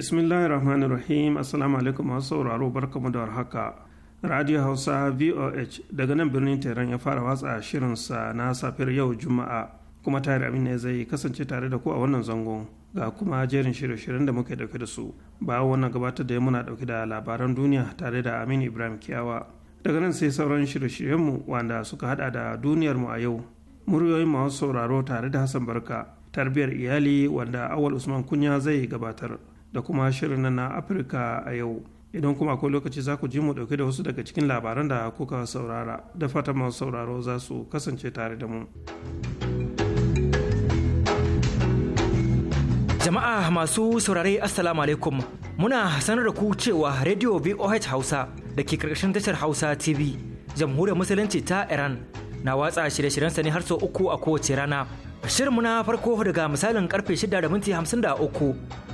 bismillahirrahmanirrahim assalamu alaikum masu sauraro barkamu da haka. radio hausa voh daga nan birnin tehran ya fara watsa shirinsa na safiyar yau juma'a kuma tare amin ne zai kasance tare da ku a wannan zangon ga kuma jerin shirye-shiryen da muke dauke da su ba wannan gabatar da muna dauke da labaran duniya tare da amin ibrahim kiyawa daga nan sai sauran shirye-shiryenmu wanda suka hada da duniyarmu a yau muryoyin masu sauraro tare da hassan barka tarbiyyar iyali wanda awal usman kunya zai gabatar da kuma shirin na afirka a yau idan kuma akwai lokaci za ku ji mu dauke da wasu daga cikin labaran da kuka saurara da fata masu sauraro za su kasance tare da mu jama'a masu saurare assalamu alaikum muna sanar da ku cewa radio voh hausa da ke karkashin tashar hausa tv jamhuriyar musulunci ta iran na watsa shirye-shiryensa ne har sau uku a kowace rana shirin na farko daga misalin karfe 6 da minti 53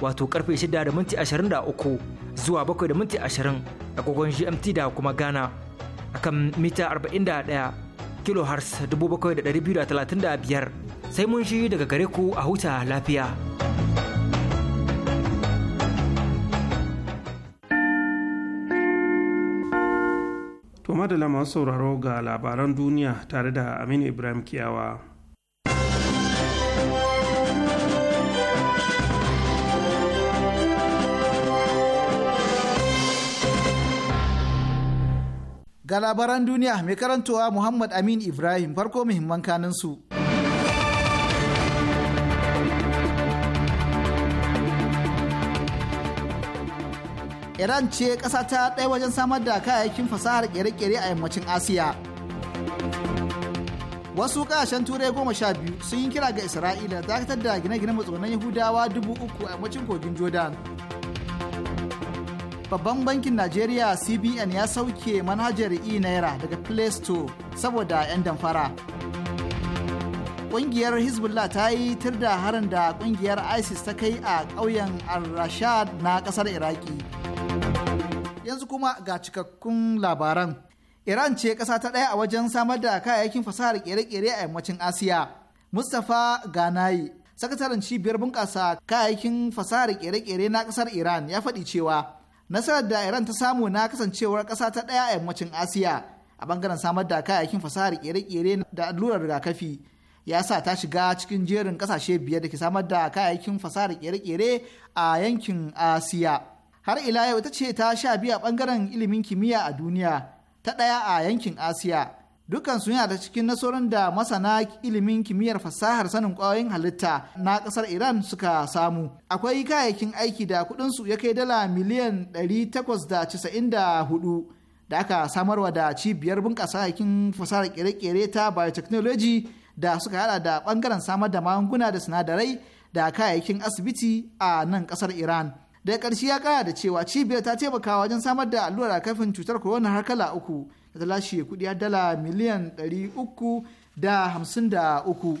wato karfe 6:23 da minti zuwa 7:20 da minti agogon GMT da kuma Ghana akan mita 41 kilohertz 7,235 sai mun shi daga gare ku a huta lafiya. To madalla masu sauraro ga labaran duniya tare da Aminu Ibrahim Kiyawa. Ga labaran duniya mai karantowa Muhammad Amin Ibrahim farko muhimman kanin su. Iran ce ƙasa ta ɗaya wajen samar da kayayyakin fasahar ƙere-ƙere a yammacin Asiya. Wasu ƙasashen Turai goma sha biyu sun yi kira ga Isra'ila dakatar da gine gine matsugunan Yahudawa dubu uku a yammacin kogin Jordan. Babban bankin Najeriya CBN ya sauke manhajar e-naira daga Play Store saboda 'yan damfara. Ƙungiyar Hezbollah ta yi tir da harin da ƙungiyar ISIS ta kai a ƙauyen Al-Rashad na ƙasar Iraki. Yanzu kuma ga cikakkun labaran. Iran ce ƙasa ta ɗaya a wajen samar da kayayyakin fasahar ƙere-ƙere a yammacin Asiya. Mustapha Ganayi, sakataren cibiyar bunƙasa kayayyakin fasahar ƙere-ƙere na ƙasar Iran ya faɗi cewa nasarar da iran ta samu na kasancewar ƙasa ta ɗaya a yammacin asiya a bangaren samar da kayayyakin fasahar kere-kere da allurar rigakafi ya sa ta shiga cikin jerin ƙasashe biyar da ke samar da kayayyakin fasahar kere-kere a yankin asiya har ila yau ita ce ta sha biya bangaren ilimin kimiyya a duniya ta ɗaya a yankin asiya dukansu yana da cikin nasarorin da masana ilimin kimiyyar fasahar sanin kwayoyin halitta na kasar iran suka samu akwai kayayyakin aiki da kuɗinsu ya kai dala miliyan 894 da aka samarwa da cibiyar bunƙasa aikin fasahar kere-kere ta biotechnology da suka hada da bangaren samar da magunguna da sinadarai da kayayyakin asibiti a nan kasar iran daga ƙarshe ya kara da cewa cibiyar ta taimaka wajen samar da allurar kafin cutar corona har kala uku da ta lashe kudi dala miliyan 353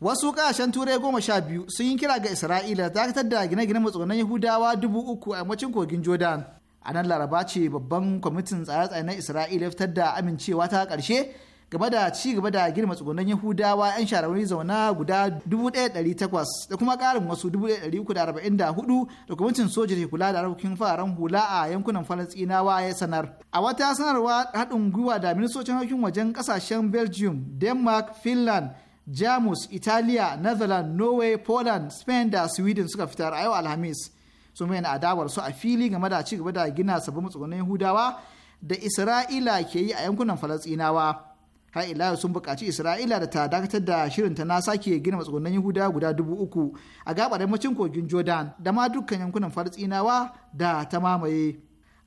wasu kasashen turai goma sha biyu sun yi kira ga isra'ila da dakatar da gine-ginen matsugunan yahudawa dubu uku a yammacin kogin jordan a nan laraba ce babban kwamitin tsare-tsare na isra'ila ya fitar da amincewa ta karshe. game da ci gaba da girma tsugunan yahudawa 'yan shahararri zauna guda 1,800 da kuma karin wasu 344 da kwamitin soja ke kula da harkokin fararen hula a yankunan falastinawa ya sanar a wata sanarwa haɗin gwiwa da ministocin harkokin wajen ƙasashen belgium denmark finland jamus italiya netherlands norway poland spain da sweden suka fitar a yau alhamis sun bayyana adawar su a fili game da ci gaba da gina sabbin matsugunan yahudawa da isra'ila ke yi a yankunan falastinawa har ila sun buƙaci isra'ila da ta dakatar da shirin ta na sake gina matsugunan yahuda guda dubu uku a gabar yammacin kogin jordan da ma dukkan yankunan falasɗinawa da ta mamaye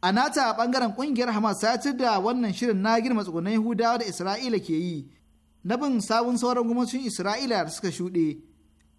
a nata bangaren kungiyar hamas ta ci da wannan shirin na gina matsugunan yahudawa da isra'ila ke yi na bin sabon sauran gwamnatin isra'ila da suka shuɗe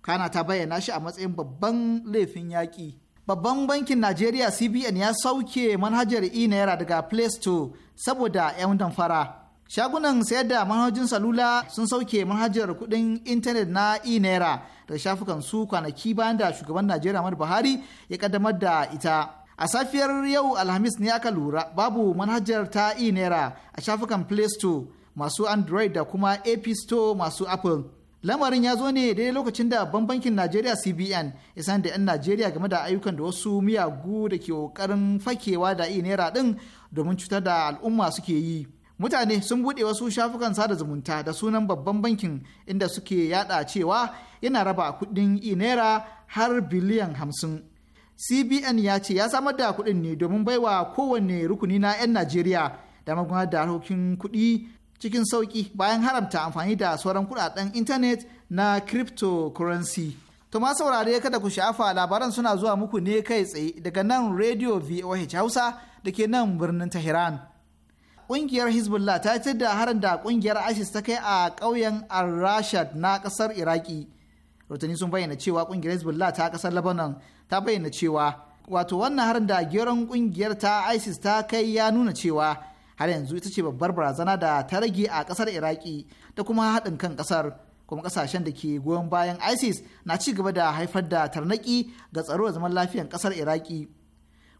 kana ta bayyana shi a matsayin babban laifin yaƙi babban bankin najeriya cbn ya sauke manhajar e naira daga play store saboda 'yan damfara shagunan sayar da manhajin salula sun sauke manhajar kudin intanet na e-naira da shafukan su kwanaki bayan da shugaban najeriya mar buhari ya kaddamar da ita a safiyar yau alhamis ne aka lura babu manhajar ta e-naira a shafukan play store masu android da kuma app store masu apple lamarin ya zo ne daidai lokacin da banbankin bankin najeriya cbn ya san da 'yan najeriya game da ayyukan da wasu miyagu da ke kokarin fakewa da e-naira din domin cutar da al'umma suke yi mutane sun buɗe wasu shafukan sada zumunta da sunan babban bankin inda suke yada cewa yana raba kuɗin e naira har biliyan hamsin cbn ya ce ya samar da kudin ne domin baiwa kowane rukuni na 'yan najeriya da magudanar da harkokin kudi cikin sauki bayan haramta amfani da sauran kudaden intanet na cryptocurrency to ma saurare kada ku shafa labaran suna zuwa muku ne kai tsaye daga nan radio voh hausa da ke nan birnin tehran kungiyar hezbollah ta ce da harin da kungiyar isis ta kai a ƙauyen al-rashad na ƙasar iraki rotani sun bayyana cewa kungiyar hezbollah ta ƙasar lebanon ta bayyana cewa wato wannan harin da geron kungiyar ta isis ta kai ya nuna cewa har yanzu ita ce babbar barazana da ta rage a ƙasar iraki da kuma haɗin kan ƙasar kuma ƙasashen da ke goyon bayan isis na ci gaba da haifar da tarnaki ga tsaro da zaman lafiyar ƙasar iraki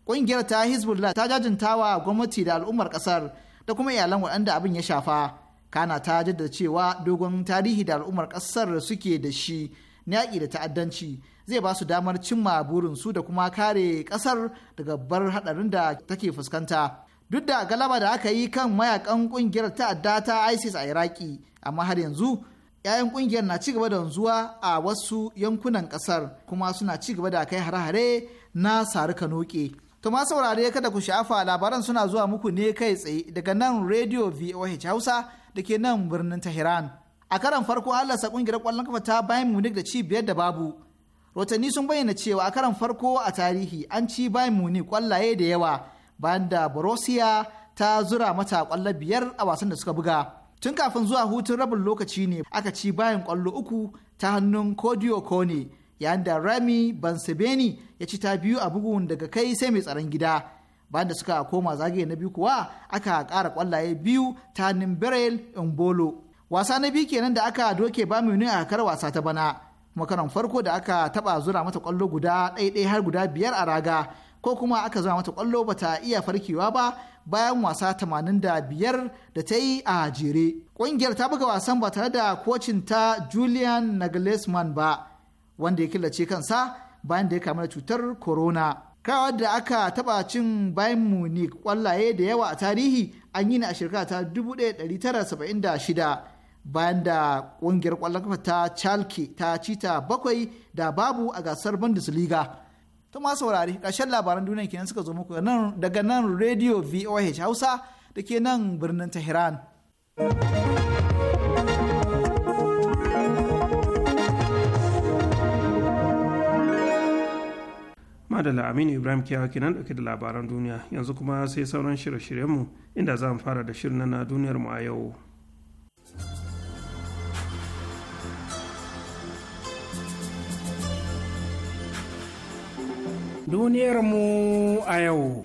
ƙungiyar ta hezbollah ta jajinta wa gwamnati da al'ummar ƙasar da kuma iyalan waɗanda abin ya shafa kana ta jaddada cewa dogon tarihi da al'ummar ƙasar da suke da shi na yaƙi da ta'addanci zai ba su damar cimma burinsu da kuma kare ƙasar daga bar haɗarin da take fuskanta duk da galaba da aka yi kan mayakan ƙungiyar ta'adda ta isis a iraki amma har yanzu 'ya'yan ƙungiyar na cigaba da wanzuwa a wasu yankunan ƙasar kuma suna cigaba da kai hare-hare na sarika noke To ma saurare kada ku shafa labaran suna zuwa muku ne kai tsaye daga nan Radio VOH Hausa da ke nan birnin Tehran. A karan farko sa kungiyar kwallon kafa ta Bayern Munich da ci biyar da babu. Rotanni sun bayyana cewa a karan farko a tarihi an ci Bayern Munich kwallaye da yawa bayan da Borussia ta zura mata kwallo biyar a wasan da suka buga. Tun kafin zuwa hutun rabin lokaci ne aka ci bayan kwallo uku ta hannun Kodio Kone. yayin da rami bansebeni ya ci ta biyu a bugun daga kai sai mai tsaron gida bayan da suka koma zagaye na biyu kuwa aka ƙara ƙwallaye biyu ta Nimbrel bolo. wasa na biyu kenan da aka doke ba ne a kar wasa ta bana Kuma makaron farko da aka taɓa zura mata kwallo guda ɗaiɗai har guda biyar a raga ko kuma aka zura mata kwallo ta iya farkewa ba bayan wasa tamanin da biyar da ta yi a jere ƙungiyar ta buga wasan ba tare da kocin ta julian nagelsmann ba wanda ya killace kansa bayan da ya kamu da cutar corona. Kawa da aka taba cin bayan Munich kwallaye da yawa a tarihi an yi ni a shekara ta 1976 bayan da ƙungiyar kwallon kafa ta Chalke ta ci ta bakwai da babu a gasar Bundesliga. To ma saurari ƙarshen labaran duniya kenan suka zo muku daga nan Radio VOH Hausa da ke nan birnin Tehran. madala aminu ibrahim kiyawa nan dauke da labaran duniya yanzu kuma sai sauran shirye-shiryenmu inda za mu fara da shirin na duniyar mu a yau duniyar mu a yau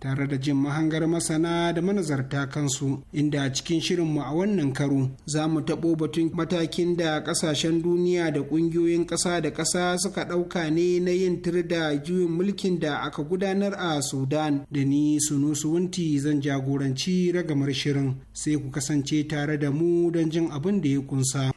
tare da jin mahangar masana da manazarta kansu inda a cikin shirinmu a wannan karo za mu taɓo batun matakin da ƙasashen duniya da ƙungiyoyin ƙasa da ƙasa suka ɗauka ne na yin tir da juyin mulkin da aka gudanar a sudan da ni sunu wunti zan jagoranci ragamar shirin sai ku kasance tare da mu don jin abin da ya kunsa.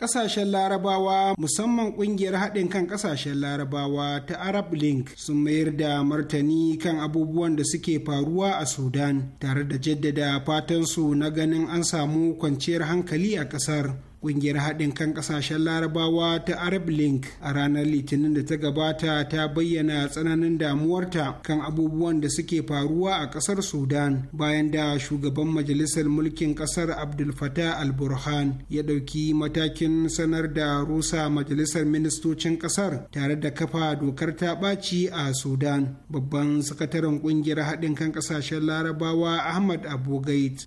Ƙasashen Larabawa musamman ƙungiyar haɗin kan ƙasashen Larabawa ta Arab Link sun mayar da martani kan abubuwan da suke faruwa a Sudan tare da jaddada fatan su na ganin an samu kwanciyar hankali a ƙasar. Ƙungiyar haɗin kan ƙasashen larabawa ta arab link a ranar litinin da ta gabata ta bayyana tsananin damuwarta kan abubuwan da suke faruwa a ƙasar sudan bayan da shugaban majalisar mulkin ƙasar abdul fatah al-burhan ya ɗauki matakin sanar da rusa majalisar ministocin ƙasar tare da kafa dokar ta ɓaci a sudan babban sakataren ƙungiyar haɗin kan ƙasashen larabawa ahmad abu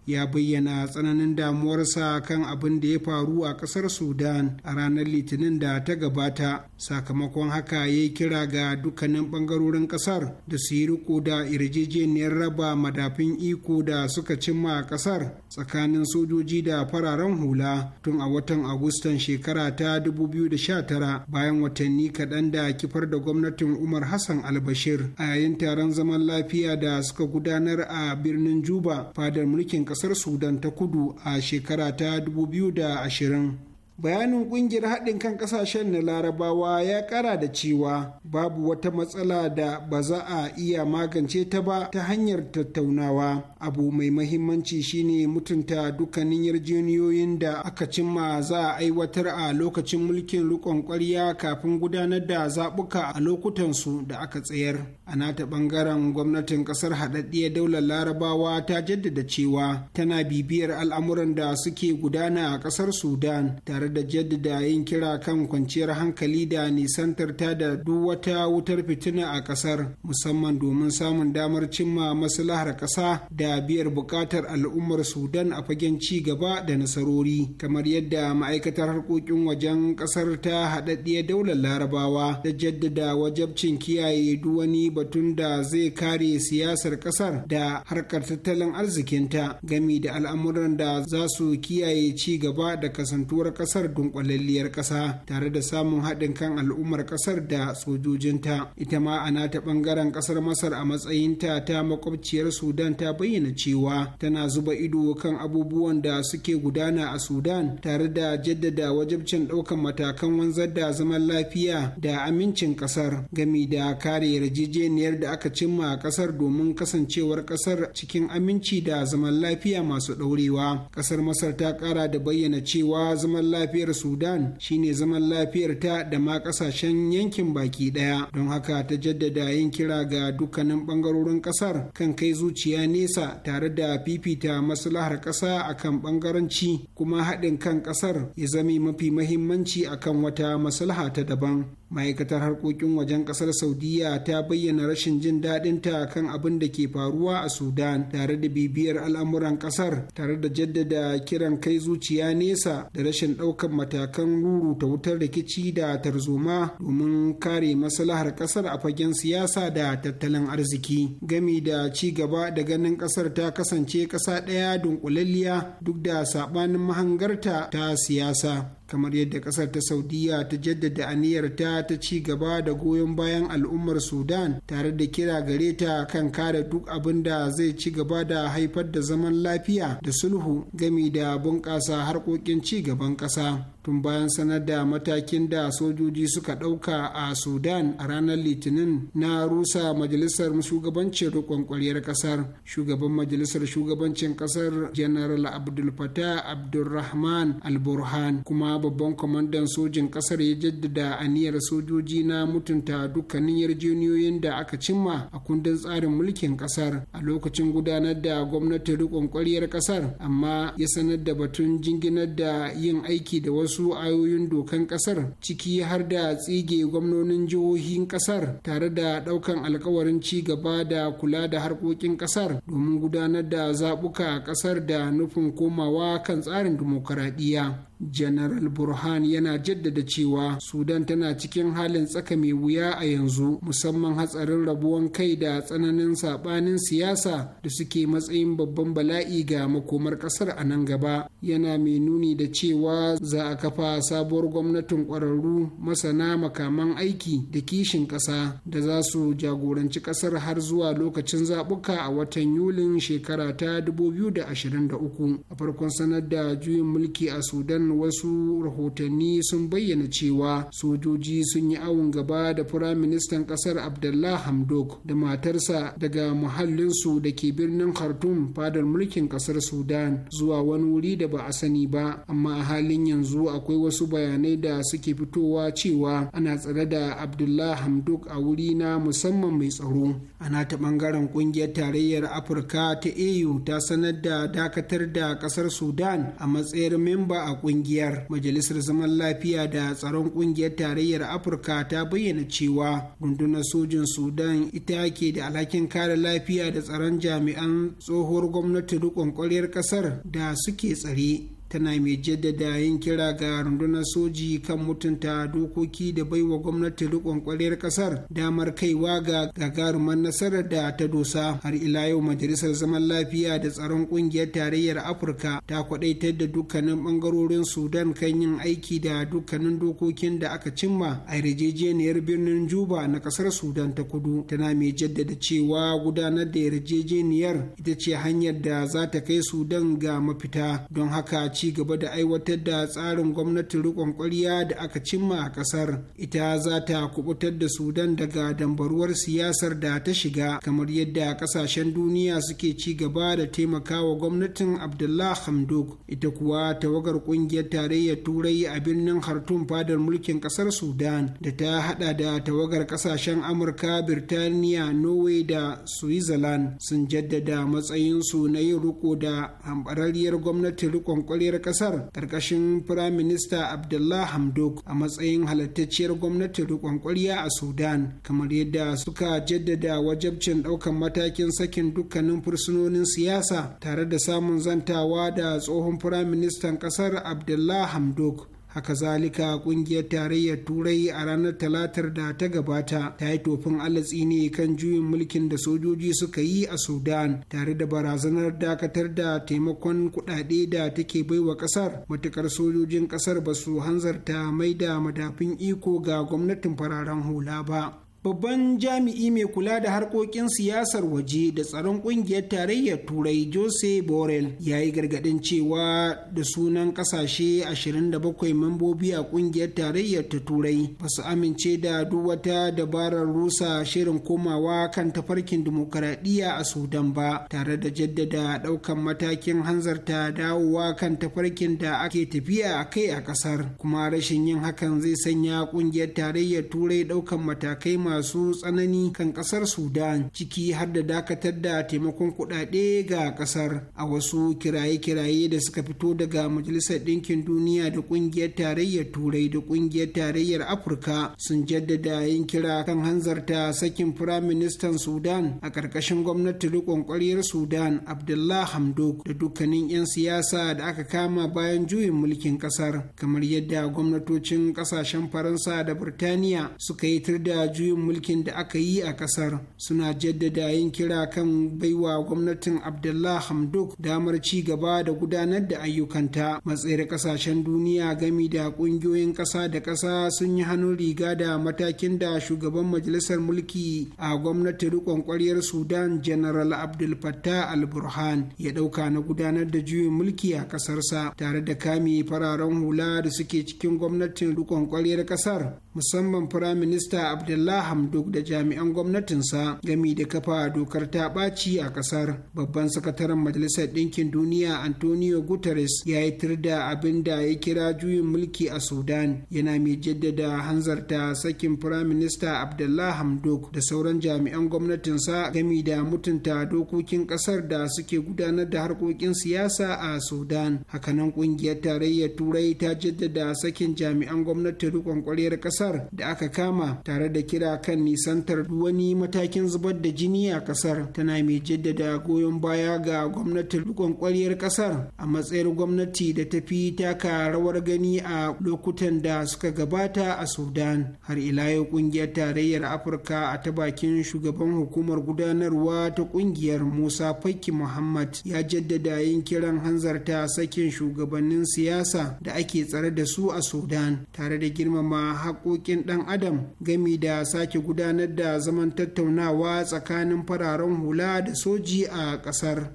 ya bayyana tsananin damuwarsa kan abin da ya faru a kasar sudan a ranar litinin da ta gabata sakamakon haka ya yi kira ga dukkanin bangarorin kasar da su yi riko da yarjejeniyar raba madafin iko da suka cimma a kasar tsakanin sojoji da fararen hula tun a watan agustan shekara ta 2019 bayan watanni kaɗan da kifar da gwamnatin umar hassan albashir a yayin taron zaman lafiya da suka gudanar a birnin juba fadar mulkin ƙasar sudan ta kudu a shekara ta 2020 Shalom. bayanin kungiyar haɗin kan ƙasashen na larabawa ya ƙara da cewa babu wata matsala da ba za a iya magance ta ba ta hanyar tattaunawa abu mai mahimmanci shine mutunta dukkanin yarjejeniyoyin da aka cimma za a aiwatar a lokacin mulkin rikon ƙwarya kafin gudanar da zaɓuka a lokutan su da aka tsayar a nata ɓangaren gwamnatin ƙasar haɗaɗɗiyar daular larabawa ta jaddada cewa tana bibiyar al'amuran da suke gudana a ƙasar sudan tare da jaddada yin kira kan kwanciyar hankali da nisantar ta da duk wata wutar fitina a ƙasar. musamman domin samun damar cimma maslahar ƙasa. da biyar buƙatar al'ummar sudan a fagen ci gaba da nasarori kamar yadda ma'aikatar harkokin wajen ƙasar ta haɗaɗɗiya daular larabawa da jaddada wajabcin kiyaye duk wani batun da zai kare siyasar ƙasar. da harkar tattalin arzikinta gami da al'amuran da za su kiyaye ci gaba da kasantuwar kasar kasar dunkwalalliyar ƙasa tare da samun haɗin kan al'ummar ƙasar da sojojinta ita ma a nata ɓangaren ƙasar masar a matsayinta ta makwabciyar sudan ta bayyana cewa tana zuba ido kan abubuwan da suke gudana a sudan tare da jaddada wajibcin ɗaukan matakan wanzar da zaman lafiya da amincin ƙasar gami da kare yarjejeniyar da aka cimma a ƙasar domin kasancewar ƙasar cikin aminci da zaman lafiya masu ɗaurewa ƙasar masar ta ƙara da bayyana cewa zaman lafiyar sudan shine zaman lafiyar ta da ma kasashen yankin baki daya don haka ta jaddada yin kira ga dukkanin bangarorin kasar kan kai zuciya nesa tare da fifita maslahar kasa akan bangaranci kuma haɗin kan kasar ya zame mafi mahimmanci akan wata maslaha ta daban ma'aikatar harkokin wajen kasar saudiya ta bayyana rashin jin daɗin ta kan abin da ke faruwa a sudan tare da bibiyar al'amuran kasar tare da jaddada kiran kai zuciya nesa da rashin ɗaukar ɗaukan matakan ruruta wutar rikici da tarzoma domin kare maslahar ƙasar a fagen siyasa da tattalin arziki gami da ci gaba da ganin ƙasar ta kasance ƙasa ɗaya dunkulalliya duk da saɓanin mahangarta ta siyasa kamar yadda kasar ta saudiya ta jaddada aniyarta ta ci gaba da goyon bayan al'ummar sudan tare da kira gare ta kan kare duk abin da zai ci gaba da haifar da zaman lafiya da sulhu gami da bunƙasa harkokin ci gaban ƙasa tun bayan sanar da matakin da sojoji suka ɗauka a sudan a ranar litinin na rusa majalisar shugabancin rikon kwaryar ƙasar shugaban majalisar shugabancin Kasar general abdul fatah abdulrahman al-burhan kuma babban kwamandan sojin ƙasar ya jaddada aniyar sojoji na mutunta dukkanin yarjejeniyoyin da aka cimma a kundin tsarin mulkin ƙasar a lokacin gudanar da gwamnati rikon ƙwaryar ƙasar amma ya sanar da batun jinginar da yin aiki da wasu wasu ayoyin dokan kasar ciki har da tsige gwamnonin jihohin kasar tare da daukan alkawarin ci gaba da kula da harkokin kasar domin gudanar da zabuka kasar da nufin komawa kan tsarin dimokuraɗiyya General Burhan yana jaddada cewa Sudan tana cikin halin tsaka mai wuya a yanzu musamman hatsarin rabuwan kai da tsananin sabanin siyasa da suke matsayin babban bala'i ga makomar kasar a nan gaba yana mai nuni da cewa za a kafa sabuwar gwamnatin kwararru masana makaman aiki da kishin kasa da za su jagoranci kasar har zuwa lokacin zabuka a watan Yulin shekara ta 2023 a farkon sanar da juyin mulki a Sudan wasu rahotanni sun bayyana cewa sojoji sun yi awon gaba da firaministan kasar abdullah hamdok da matarsa daga muhallinsu da ke birnin khartum fadar mulkin kasar sudan zuwa wani wuri da ba a sani ba amma a halin yanzu akwai wasu bayanai da suke fitowa cewa ana tsare da abdullah hamdok a wuri na musamman mai tsaro ana ta bangaren kungiyar tarayyar afirka ta au ta sanar da dakatar da kasar sudan a matsayin memba a kungiyar kungiyar majalisar zaman lafiya da tsaron kungiyar tarayyar afirka ta bayyana cewa rundunar sojin sudan ita ke da alhakin kare lafiya da tsaron jami'an tsohuwar gwamnati rikon kwaryar kasar da suke tsare tana mai jaddada yin kira ga rundunar soji kan mutunta dokoki da baiwa gwamnati rikon kwaliyar kasar damar kaiwa ga gagarumar nasarar da ta dosa har ila yau majalisar zaman lafiya da tsaron kungiyar tarayyar afirka ta kwadaitar da dukkanin bangarorin sudan kan yin aiki da dukkanin dokokin da aka cimma a yarjejeniyar birnin juba na kasar sudan ta kudu tana mai jaddada cewa gudanar da yarjejeniyar ita ce hanyar da za ta kai sudan ga mafita don haka ce ci gaba da aiwatar da tsarin gwamnatin riƙon ƙwarya da aka cimma a ƙasar ita za ta kubutar da sudan daga dambaruwar siyasar da ta shiga kamar yadda ƙasashen duniya suke ci gaba da taimakawa gwamnatin abdullah hamdok ita kuwa tawagar ƙungiyar tarayyar turai a birnin hartun fadar mulkin ƙasar sudan da ta haɗa da tawagar ƙasashen amurka birtaniya norway da switzerland sun jaddada matsayinsu na yin riko da hambarariyar gwamnatin riƙon ƙwarya tsakiyar kasar ƙarƙashin firaminista abdullah hamdok a matsayin halittacciyar gwamnati riƙon ƙwarya a sudan kamar yadda suka jaddada wajabcin ɗaukan matakin sakin dukkanin fursunonin siyasa tare da samun zantawa da tsohon firaministan ƙasar abdullah hamdok haka zalika kungiyar tarayyar turai a ranar talatar da ta gabata ta yi tofin alatsi ne kan juyin mulkin da sojoji suka yi a sudan tare da barazanar dakatar da taimakon kudade da take baiwa kasar matukar sojojin kasar ba su hanzarta mai da madafin iko ga gwamnatin fararen hula ba babban jami'i mai kula da harkokin siyasar waje da tsaron kungiyar tarayyar turai jose borel ya yi gargadin cewa da sunan kasashe 27 membobi a kungiyar tarayyar ta turai ba su amince da duk wata dabarar rusa shirin komawa kan tafarkin dimokuraɗiyya a sudan ba tare da jaddada ɗaukan matakin hanzarta dawowa kan tafarkin da ake tafiya a kai a ƙasar kuma rashin yin hakan zai sanya kungiyar tarayyar turai ɗaukan matakai masu tsanani kan kasar sudan ciki har da dakatar da taimakon kudade ga kasar a wasu kiraye-kiraye da suka fito daga majalisar ɗinkin duniya da ƙungiyar tarayyar turai da ƙungiyar tarayyar afirka sun jaddada yin kira kan hanzarta sakin firaministan sudan a ƙarƙashin gwamnati riƙon ƙwaryar sudan abdullah hamdok da dukkanin 'yan siyasa da aka kama bayan juyin mulkin kasar kamar yadda gwamnatocin ƙasashen faransa da burtaniya suka yi tur da juyin mulkin da aka yi a kasar suna jaddada yin kira kan baiwa gwamnatin abdullah Hamduk damar ci gaba da gudanar da ayyukanta matsayar kasashen duniya gami da kungiyoyin kasa da kasa sun yi hannun riga da matakin da shugaban majalisar mulki a gwamnatin rikon kwaryar sudan general abdul fattah al-burhan ya dauka na gudanar da juyin mulki a kasarsa tare da kame fararen hula da suke cikin gwamnatin rikon kwaryar kasar musamman firaminista abdullah hamdok da jami'an gwamnatinsa gami da kafa dokar ta ɓaci a ƙasar babban sakataren majalisar ɗinkin duniya antonio guterres ya yi tir da abin da ya kira juyin mulki a sudan yana mai jaddada hanzarta sakin firaminista abdullah Hamduk da sauran jami'an gwamnatinsa gami da mutunta dokokin ƙasar da suke gudanar da harkokin siyasa a sudan hakanan ƙungiyar tarayyar turai ta jaddada sakin jami'an gwamnati rikon ƙwaryar ƙasar da aka kama tare da kira kan nisantar wani matakin zubar da jini a kasar tana mai jaddada goyon baya ga gwamnatin rikon kwaryar kasar a matsayin gwamnati da ta fi taka rawar gani a lokutan da suka gabata a sudan har ila yau kungiyar tarayyar afirka a ta bakin shugaban hukumar gudanarwa ta kungiyar musa fakki muhammad ya jaddada yin kiran hanzarta sakin shugabannin siyasa da ake tsare da su a sudan tare da girmama haƙoƙin ɗan adam gami da sake sake gudanar da zaman tattaunawa tsakanin fararen hula da soji a ƙasar.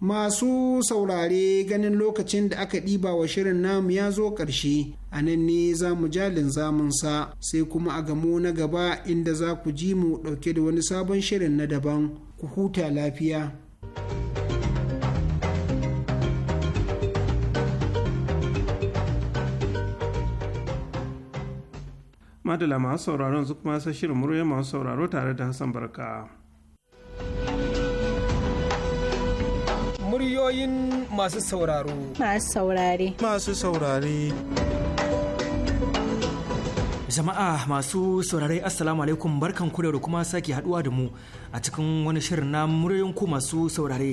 Masu saurare ganin lokacin da aka ɗiba wa shirin namu ya zo ƙarshe, a nan ne za mu jalin zamunsa sai kuma a gamo na gaba inda za ku ji mu ɗauke da wani sabon shirin na daban, ku huta lafiya. madala masu sauraron su kuma sa shirin murya masu sauraro tare da hassan barka muryoyin masu sauraro masu saurare masu saurare jama'a masu saurare assalamu alaikum barkan kudu da kuma sake haduwa da mu a cikin wani shirin na muryoyin ku masu saurare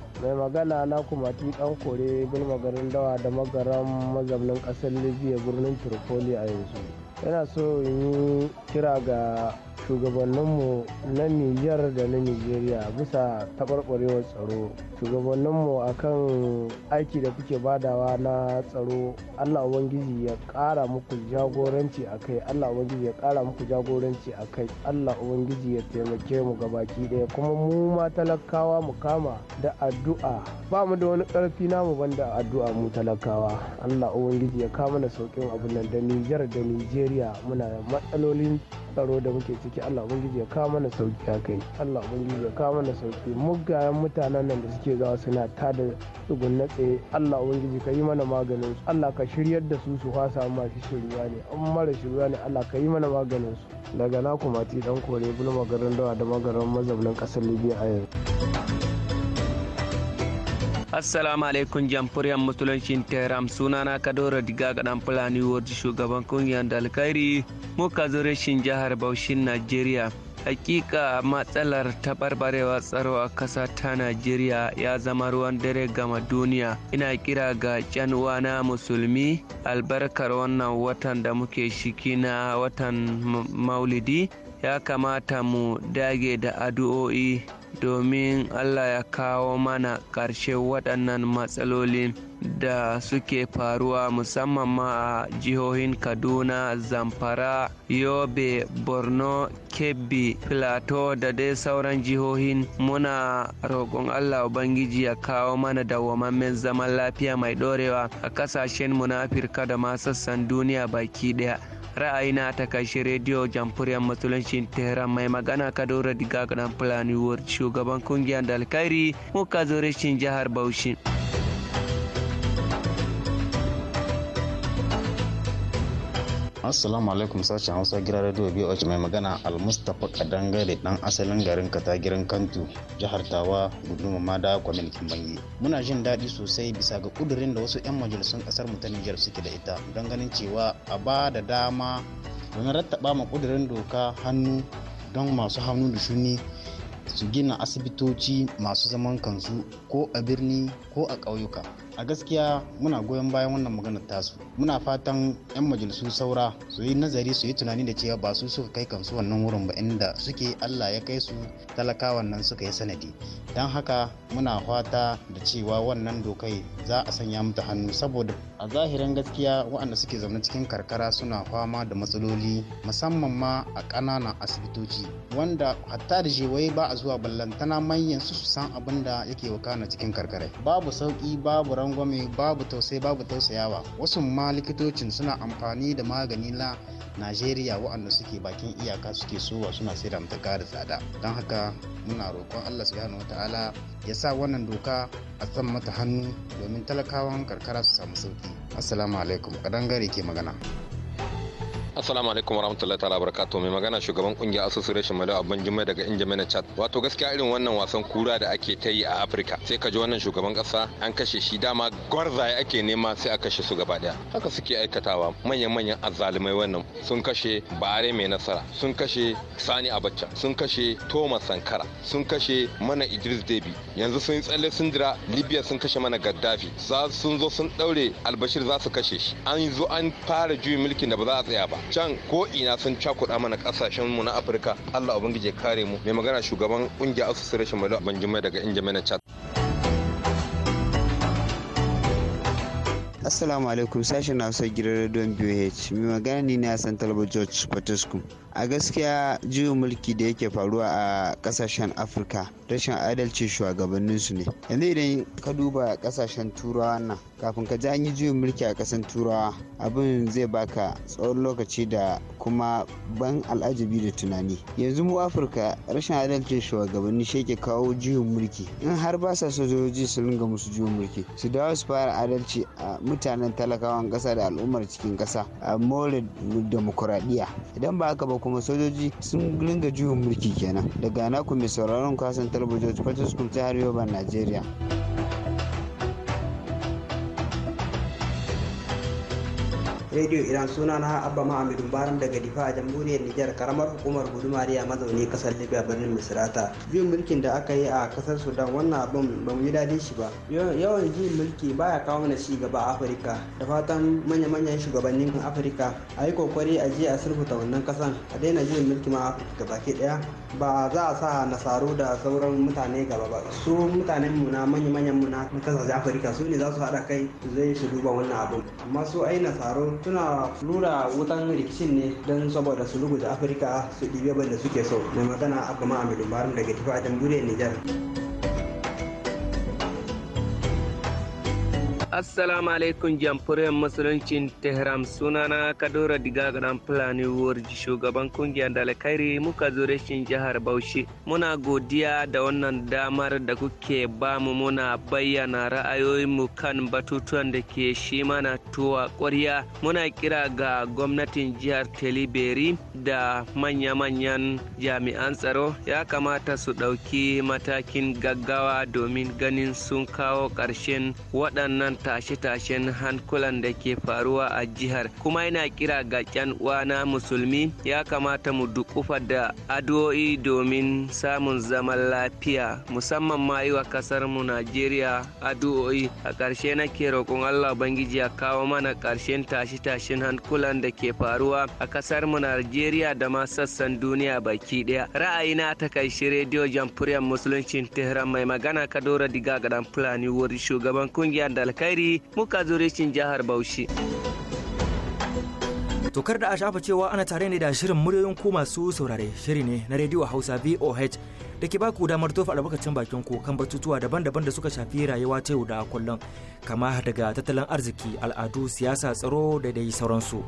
mai magana na kuma ɗan kore gulma garin dawa da magaran mazaunin ƙasar libya birnin tripoli a yanzu yana so yi kira ga shugabanninmu na Nijar da na Nijeriya bisa taɓarɓarewar tsaro. Shugabanninmu a kan aiki da kuke badawa na tsaro Allah Ubangiji ya ƙara muku jagoranci a kai Allah Ubangiji ya ƙara muku jagoranci a kai Allah Ubangiji ya taimake mu gabaki ɗaya kuma mu ma talakawa mu kama da addu'a ba mu da wani ƙarfi namu ban da addu'a mu talakawa Allah Ubangiji ya kama da sauƙin abin nan da Nijar da Nijeriya muna da matsalolin tsaro da muke ciki suke Allah ubangiji ya kawo mana sauki a kai Allah ubangiji ya kawo mana sauki mugayen mutanen nan da suke zawa suna tada tsugun na tsaye Allah ubangiji ka yi mana maganin su Allah ka shiryar da su su fasa masu shirya ne an mara shirya ne Allah ka yi mana maganin su daga na kuma ti dan kore bulma garin dawa da magaran mazaunin kasar Libya a yanzu assalamu alaikum jamhuriyar Musulunci tehran sunana kadoro diga ga dan fulani wadda shugaban kungiyar dalkari muka zo rashin jihar baushin najeriya hakika matsalar taɓarɓarewa tsaro a ƙasa ta najeriya ya zama ruwan dare gama duniya ina kira ga canwa na musulmi albarkar wannan watan da muke shiki na watan maulidi ya kamata mu dage da addu'o'i domin Allah ya kawo mana ƙarshe waɗannan matsalolin da suke faruwa musamman ma a jihohin Kaduna, Zamfara, Yobe, Borno, Kebbi, Plateau da dai sauran jihohin muna roƙon Allah Ubangiji ya kawo mana dawwamammen zaman lafiya mai ɗorewa a ƙasashen mu na Afirka da ma sassan duniya baki ɗaya. ra'ayina ta kashi rediyo jamhuriyar musulunci tehran mai magana kadoro diga gadan fulani shugaban kungiyar dalkairi muka zo rashin jihar bauchi. assalamu alaikum sashen hausa gira radio a mai magana almustapha kadangare dan asalin garin katagirin kantu jihar tawa guduma mada kwamilkin bangi muna jin daɗi sosai bisa ga kudurin da wasu 'yan majalisun ƙasar mu ta niger suke da ita don ganin cewa a ba da dama domin rattaba ma kudurin doka hannu don masu hannu da shuni su gina asibitoci masu zaman kansu ko a birni ko a ƙauyuka a gaskiya muna goyon bayan wannan maganar tasu muna fatan 'yan majalisu saura su yi nazari su yi tunani da cewa ba su suka kai kansu wannan wurin ba inda suke allah ya kai su talakawan nan suka yi sanadi don haka muna fata da cewa wannan dokai za a sanya mata hannu saboda a zahirin gaskiya waɗanda suke zaune cikin karkara suna fama da matsaloli musamman ma a ƙananan asibitoci wanda hatta da wai ba a zuwa ballantana manyan su san abin da yake wakana cikin karkara babu sauƙi babu rangwame babu tausai babu tausayawa wasu ma likitocin suna amfani da magani na najeriya waɗanda suke bakin iyaka suke sowa suna sai da mutaka tsada don haka muna roƙon allah subhanahu wa ta'ala ya sa wannan doka a san mata hannu domin talakawan karkara su samu sauki assalamu alaikum kadangare ke magana Assalamu alaikum warahmatullahi ta'ala barakatuh mai magana shugaban kungiyar association Madu Abban Jummai daga Injamena Chat. Wato gaskiya irin wannan wasan kura da ake ta yi a Afirka sai ka ji wannan shugaban kasa an kashe shi dama gwarzaye ake nema sai a kashe su gaba daya. Haka suke aikatawa manyan-manyan azzalumai wannan sun kashe Bare mai nasara sun kashe Sani Abacha sun kashe Thomas Sankara sun kashe mana Idris debi yanzu sun yi tsalle sun jira Libya sun kashe mana Gaddafi za sun zo sun daure Albashir za su kashe shi an zo an fara juyin mulkin da ba za a tsaya ba can ko ina sun cakuɗa mana kasashen mu na afirka allah ubangiji kare mu mai magana shugaban kungiyar asusun rashin mai ban jimai daga injimai na chad Assalamu alaikum sashen Hausa gidan rediyon bh Mai magana ne na san Talba George Patescu. A gaskiya juyin mulki da yake faruwa a kasashen Afirka rashin adalci su ne. Yanzu idan ka duba kasashen Turawa nan kafin ka ji an yi juyin mulki a kasan Turawa abin zai baka tsawon lokaci da kuma ban al'ajabi da tunani. Yanzu mu Afirka rashin adalci shugabanni shi ke kawo juyin mulki. In har ba sa sojoji su ringa musu juyin mulki su dawo su fara adalci a mutanen talakawan ƙasa da al'ummar cikin ƙasa a more demokuraɗiyya idan ba haka ba kuma sojoji sun ringa juyin mulki kenan daga naku mai sauraron kasan talabijin fatus ta har yoban najeriya Rediyo iran suna na abba ma'amidun baran daga difa a jamhuriyar nijar karamar hukumar gudumariya mazauni kasar libya birnin misrata juyin mulkin da aka yi a kasar sudan wannan abin ba mu yi dadi shi ba yawan juyin mulki baya kawo mana ci gaba a afirka da fatan manya-manyan shugabannin afirka a yi kokari a je a sulhuta wannan kasan a daina juyin mulki ma afirka baki ɗaya ba za a sa nasaru da sauran mutane gaba ba su mutanen mu na manya-manyan mu na kasashen afirka su ne za su haɗa kai zai su duba wannan abin amma su ai nasaru tuna lura wutan rikicin ne don saboda su rubuta afirka su ɗibe da suke so mai magana abu ma'amilu barin daga tafi a jamhuriyar nijar Assalamu alaikum jamfuriyar musuluncin Tehran sunana kadora Diga dan Fulani Warji shugaban kungiyar dalakari muka zo rashin jihar Bauchi. Muna godiya da wannan damar da kuke ba mu muna bayyana ra'ayoyinmu kan batutuwan da ke shi mana tuwa ƙwarya. Muna kira ga gwamnatin jihar Teliberi da manya-manyan jami'an tsaro ya kamata su ɗauki matakin gaggawa domin ganin sun kawo ƙarshen waɗannan tashe-tashen hankulan da ke faruwa a jihar kuma yana kira ga ƙyan uwana musulmi ya kamata mu dukufa da addu'o'i domin samun zaman lafiya musamman ma yi wa kasar mu Najeriya addu'o'i a ƙarshe nake roƙon Allah bangiji ya kawo mana ƙarshen tashe-tashen hankulan da ke faruwa a kasar mu Najeriya da ma sassan duniya baki ɗaya ra'ayina ta kai shi rediyo jamhuriyar musuluncin Tehran mai magana Kadora Diga Gadan Fulani wuri shugaban kungiyar dalkai Alkhairi muka zo zurishin jihar Bauchi. Tokar da a shafa cewa ana tare ne da shirin muryoyin ku masu saurare shiri ne na rediyo Hausa VOH da ke baku damar tofa albarkacin bakin ku kan batutuwa daban-daban da suka shafi rayuwa ta yau da kullum kama daga tattalin arziki, al'adu, siyasa, tsaro da dai sauransu.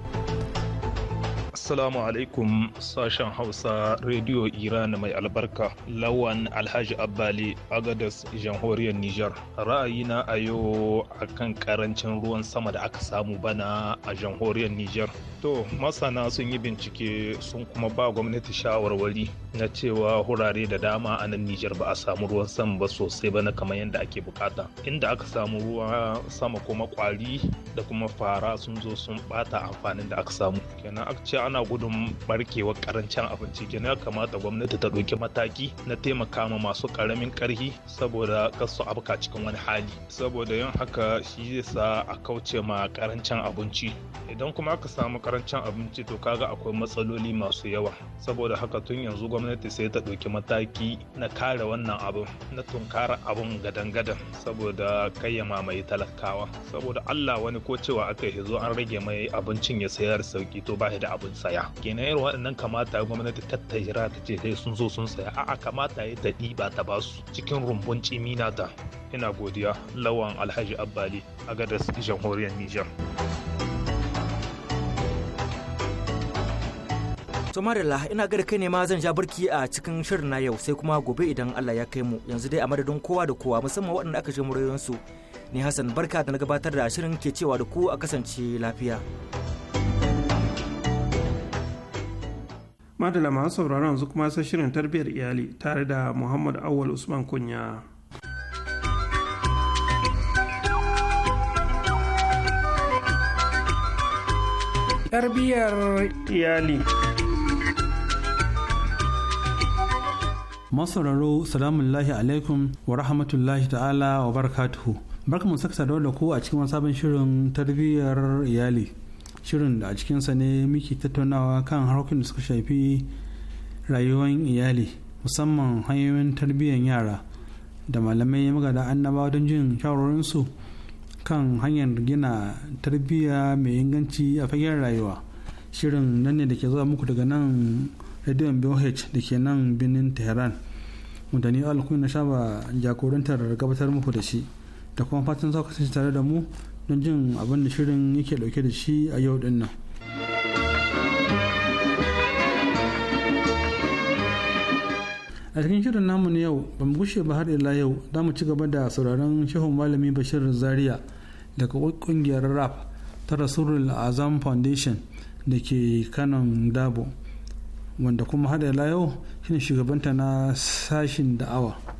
Assalamu alaikum sashen Hausa Radio Iran mai albarka. Lawan Alhaji Abbali Agadas Jamhuriyar Nijar. Ra'ayina a yau akan karancin ruwan sama da aka samu bana a Jamhuriyar Nijar. To masana sun yi bincike sun kuma ba gwamnati shawarwari na cewa hurare da dama a nan Nijar ba a samu ruwan sama ba sosai ba na kamar yadda ake bukata. Inda aka samu ruwa sama kuma kwari da kuma fara sun zo sun bata amfanin da aka samu. Kenan aka ce ana gudun barkewar karancin abinci kenan ya kamata gwamnati ta ɗauki mataki na taimaka ma masu ƙaramin ƙarfi saboda kasu abuka cikin wani hali saboda yin haka shi zai sa a kauce ma karancin abinci idan kuma aka samu karancin abinci to kaga akwai matsaloli masu yawa saboda haka tun yanzu gwamnati sai ta ɗauki mataki na kare wannan abin na tunkara abin gadan-gadan saboda kai ya mamaye talakawa saboda allah wani ko cewa aka yi zo an rage mai abincin ya sayar sauki to ba da abinci. saya kenan irin waɗannan kamata gwamnati ta tajira ta ce sai sun zo sun saya a'a kamata ya ta ɗiba ta basu cikin rumbun cimina ta ina godiya lawan alhaji abbali a gadas jamhuriyar nijar To ina gada kai ne ma zan ja barki a cikin shirin na yau sai kuma gobe idan Allah ya kai mu yanzu dai a madadin kowa da kowa musamman waɗanda aka je su ne Hassan barka da na gabatar da shirin ke cewa da ku a kasance lafiya. madala masu sauraron yanzu kuma sai shirin tarbiyyar iyali tare da muhammad awal usman kunya tarbiyyar iyali masauraro salamun lahi alaikum wa rahmatullahi ta'ala wa barakatuhu barkamu saka da ku a cikin sabon shirin tarbiyyar iyali shirin da a cikinsa ne muke tattaunawa kan harkokin da suka shafi rayuwar iyali musamman hanyoyin tarbiyyar yara da malamai magada annaba don jin shawarorinsu kan hanyar gina tarbiyya mai inganci a fagen rayuwa shirin nan ne da ke zuwa muku daga nan rediyon boh da ke nan birnin tehran wanda ni na shaba jagorantar gabatar muku da shi da kuma fatan za ku tare da mu don jin abin da shirin yake dauke da shi a yau din nan. a cikin shirin namu na yau ba mu gushe ba har ila yau za mu ci gaba da sauraron shehun malami bashir zaria daga kungiyar rap ta rasulul azam foundation da ke kanon dabo wanda kuma har ila yau shine shugabanta na sashin da'awa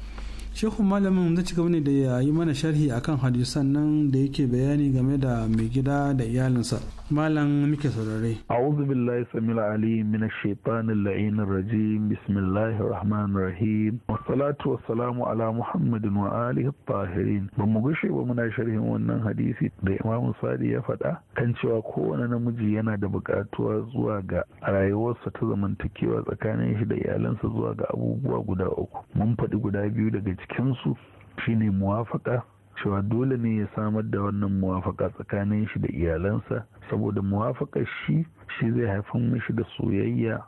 Shehu malamin zai ci gaba ne da ya yi mana sharhi akan hadisan nan da yake bayani game da mai gida da iyalinsa malam muke saurare a'udhu billahi samil ali min ash-shaytanir la'inir rajim bismillahir rahmanir rahim wassalatu wassalamu ala muhammadin wa alihi tahirin ba mu gushe ba muna sharhin wannan hadisi da imamu sadi ya faɗa kan cewa kowane namiji yana da buƙatuwa zuwa ga rayuwarsa ta zamantakewa tsakanin shi da iyalansa zuwa ga abubuwa guda uku mun faɗi guda biyu daga cikinsu shine muwafaka cewa dole ne ya samar da wannan muwafaka tsakanin shi da iyalansa saboda muwafakar shi shi zai haifar mishi da soyayya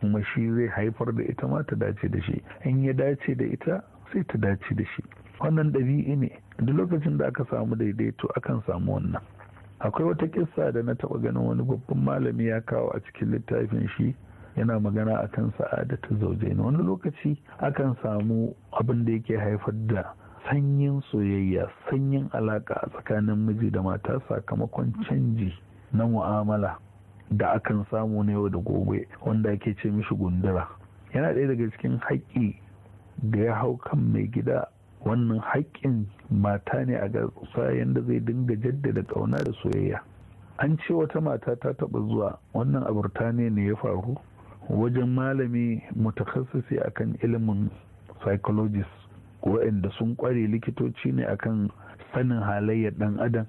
kuma shi zai haifar da ita ma ta dace da shi in ya dace da ita sai ta dace da shi wannan ɗabi'i ne duk lokacin da aka samu daidaito akan samu wannan akwai wata kissa da na taɓa ganin wani babban malami ya kawo a cikin littafin shi yana magana a kan akan ta zaujai wani lokaci akan samu abin da yake haifar da sanyin soyayya sanyin alaka a tsakanin miji da mata sakamakon canji na mu'amala da akan samu na yau da gobe wanda ake ce mishi gundura yana ɗaya daga cikin haƙƙi da ya hau kan mai gida wannan haƙƙin mata ne a gasa yadda zai dinga jaddada ƙauna da soyayya an ce wata mata ta taɓa zuwa wannan a burtaniya ne ya faru wajen malami mutakhasisi akan ilimin psychologist waɗanda sun ƙware likitoci ne akan sanin halayyar ɗan adam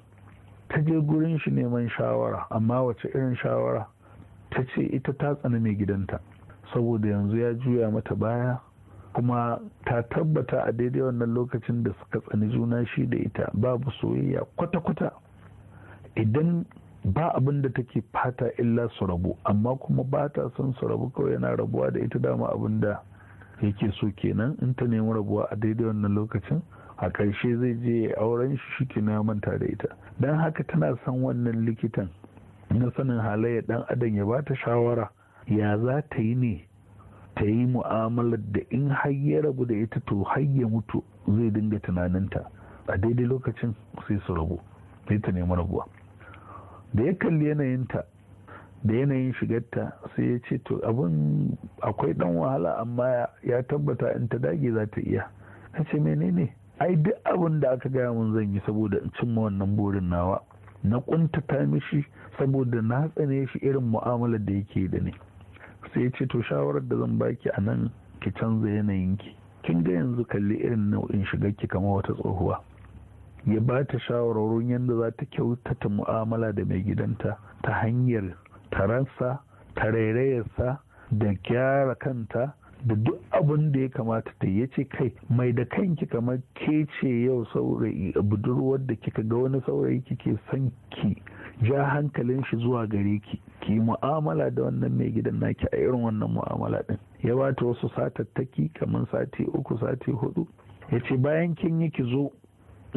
ta je gurin shi neman shawara amma wace irin shawara ta ce ita ta tsani mai gidanta saboda yanzu ya juya mata baya kuma ta tabbata a daidai wannan lokacin da suka tsani juna shi da ita babu soyayya kwata-kwata idan ba abin da take fata illa su rabu amma kuma ba ta son su rabu kawai yana rabuwa da ita dama abin da yake so kenan in ta nemi rabuwa a daidai wannan lokacin a ƙarshe zai je auren shi shi na manta da ita don haka tana son wannan likitan na sanin halayyar dan adam ya ba ta shawara ya za ta yi ne ta yi mu'amalar da in har ya rabu da ita to har ya mutu zai dinga tunaninta a daidai lokacin sai su rabu sai ta nemi rabuwa da ya kalli yanayinta da yanayin shigarta sai ya ce to abin akwai dan wahala amma ya tabbata in ta dage za ta iya na ce menene ai duk abin da aka gaya mun zan yi saboda in cimma wannan burin nawa na kuntata mishi saboda na tsane shi irin mu'amalar da yake da ni sai ya ce to shawarar da zan baki a nan ki canza yanayinki kin ga yanzu kalli irin nau'in shigarki kamar wata tsohuwa ya ba ta shawarwarin yadda za ta kyautata mu'amala da mai gidanta ta hanyar taransa tarairayarsa da gyara kanta da duk abin da ya kamata ta ya ce kai mai da kanki kamar ke ce yau saurayi a budurwar da kika ga wani saurayi kike son ki ja hankalin shi zuwa gare ki ki mu'amala da wannan mai gidan naki a irin wannan mu'amala din ya bata wasu satattaki kamar sati uku sati hudu ya ce bayan kin yi ki zo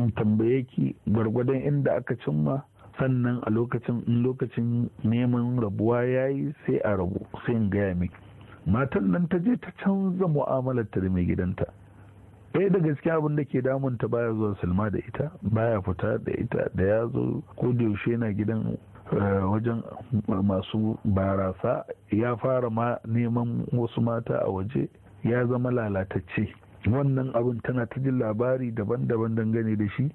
in tambaye ki gwargwadon inda aka cimma sannan a lokacin in lokacin neman rabuwa ya yi sai a rabu sai in gaya miki matan nan ta je ta canza mu'amalar ta da mai gidanta ɗaya eh, da gaskiya abin da ke damun ta baya zuwa salma da ita baya fita da ita da ya zo ko da yaushe yana gidan eh, wajen masu barasa ya fara ma neman wasu mata a waje ya zama lalatacce wannan abin tana ta jin labari daban-daban dangane da shi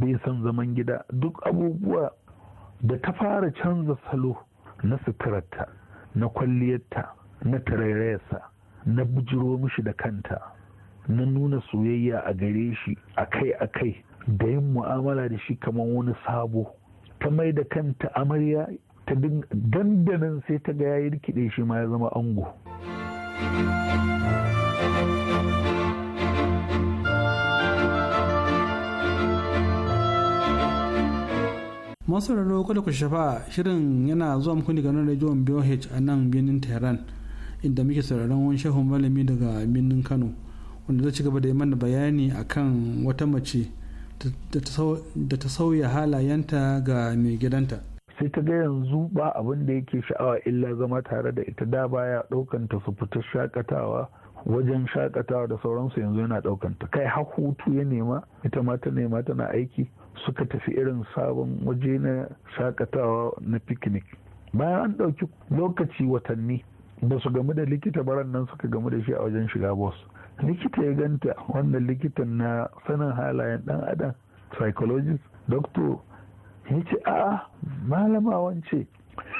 bai san zaman gida duk abubuwa da ta fara canza salo na suturarta na kwalliyarta na tarairayarsa na bujiro mishi da kanta na nuna soyayya a gare shi akai-akai da yin mu'amala da shi kamar wani sabo ta mai da kanta amarya ta dandanan sai ta ga yayi rikide shi ma ya zama ango. masu sauraro kada ku shafa shirin yana zuwa muku daga nan rajon BOH a nan birnin Tehran inda muke sauraron wani shehun malami daga birnin Kano wanda zai ci gaba da yi mana bayani akan wata mace da ta sauya halayenta ga mai gidanta. sai ta ga yanzu ba abin da yake sha'awa illa zama tare da ita da baya ɗaukanta su fita shakatawa wajen shakatawa da sauransu yanzu yana ɗaukanta kai har hutu ya nema ita ma ta nema tana aiki suka tafi irin sabon waje na shakatawa na picnic bayan an ɗauki lokaci watanni ba su gamu da likita baran nan suka gamu da shi a wajen shiga bos likita ya ganta wannan likitan na sanin halayen dan adam psychologist doctor ya ce a malama wance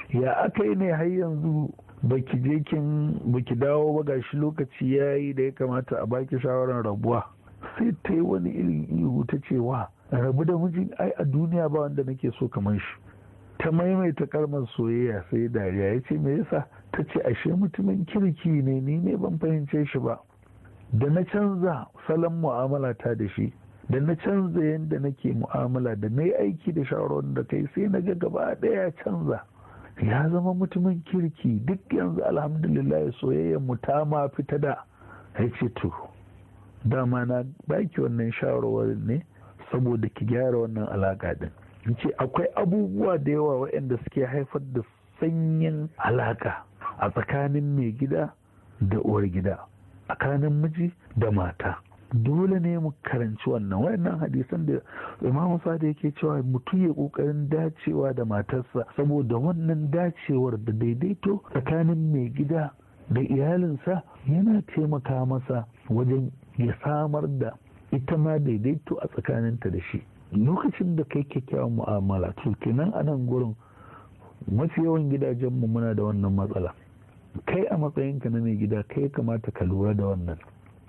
ya aka yi ne har yanzu baki je kin baki dawo ba gashi lokaci ya yi da ya kamata a baki shawarar rabuwa sai ta yi wani irin ihu ta wa rabu da mijin ai a duniya ba wanda nake so kamar shi ta maimaita kalmar soyayya sai dariya ya ce me yasa ta ce ashe mutumin kirki ne ni ne ban fahimce shi ba da na canza salon mu'amala ta da shi da na canza yadda nake mu'amala da na yi aiki da shawarar da kai sai na ga gaba ɗaya canza ya zama mutumin kirki duk yanzu alhamdulillah soyayyar mu ta ma fita da ya ce to dama na baki wannan shawarwar ne saboda ki gyara wannan alaƙa din in ce akwai abubuwa da yawa waɗanda suke haifar da sanyin alaƙa a tsakanin mai gida da uwar gida tsakanin miji da mata dole ne mu karanci wannan wayannan hadisan da imamu sada yake cewa mutum ya ƙoƙarin dacewa da matarsa saboda wannan dacewar da daidaito tsakanin mai gida da iyalinsa yana taimaka masa wajen ya samar da ita ma daidaito a tsakaninta da shi lokacin da kai kyakkyawan mu'amala to kenan a nan gurin mafi yawan gidajenmu muna da wannan matsala kai a matsayinka na mai gida kai kamata ka lura da wannan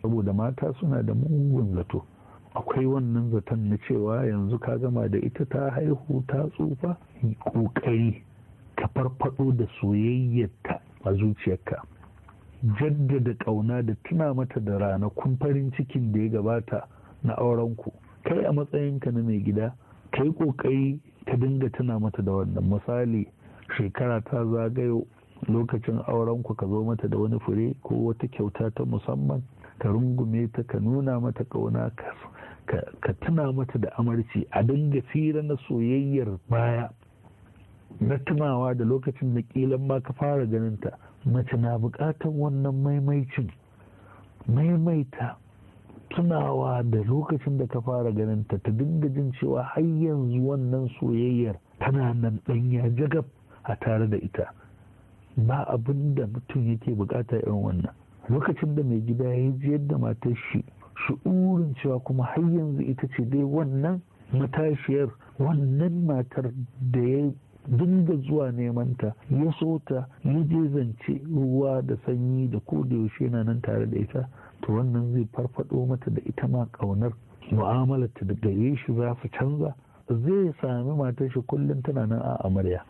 saboda mata suna da mugun zato akwai wannan zaton na cewa yanzu ka gama da ita ta haihu ta tsufa ƙoƙari ka farfado da soyayyarta a zuciyarka jaddada ƙauna da tuna mata da ranakun farin cikin da ya gabata na aurenku kai a matsayinka na mai gida kai ƙoƙari ka dinga tuna mata da wannan misali shekara ta zagayo lokacin aurenku ka zo mata da wani fure ko wata kyauta ta musamman ka rungume ta ka nuna mata ƙauna ka tuna mata da amarci a dinga tsira na soyayyar baya na tunawa da lokacin da kilan ma ka fara ganinta. mace na bukatar wannan maimaicin maimaita tunawa da lokacin da ka fara ganin ta ta dinga jin cewa har yanzu wannan soyayyar tana nan ya jagab a tare da ita ba abin da mutum yake bukata 'yan wannan lokacin da mai gida ya ji yadda matar shi shi'urin cewa kuma har yanzu ita ce dai wannan matashiyar wannan matar da ya da zuwa nemanta, ya so ta ya je zance ruwa da sanyi da koda yaushe yana nan tare da ita to wannan zai farfado mata da ita ma kaunar mu'amalarta da gare shi za su canza zai sami matar shi kullum tana nan a amarya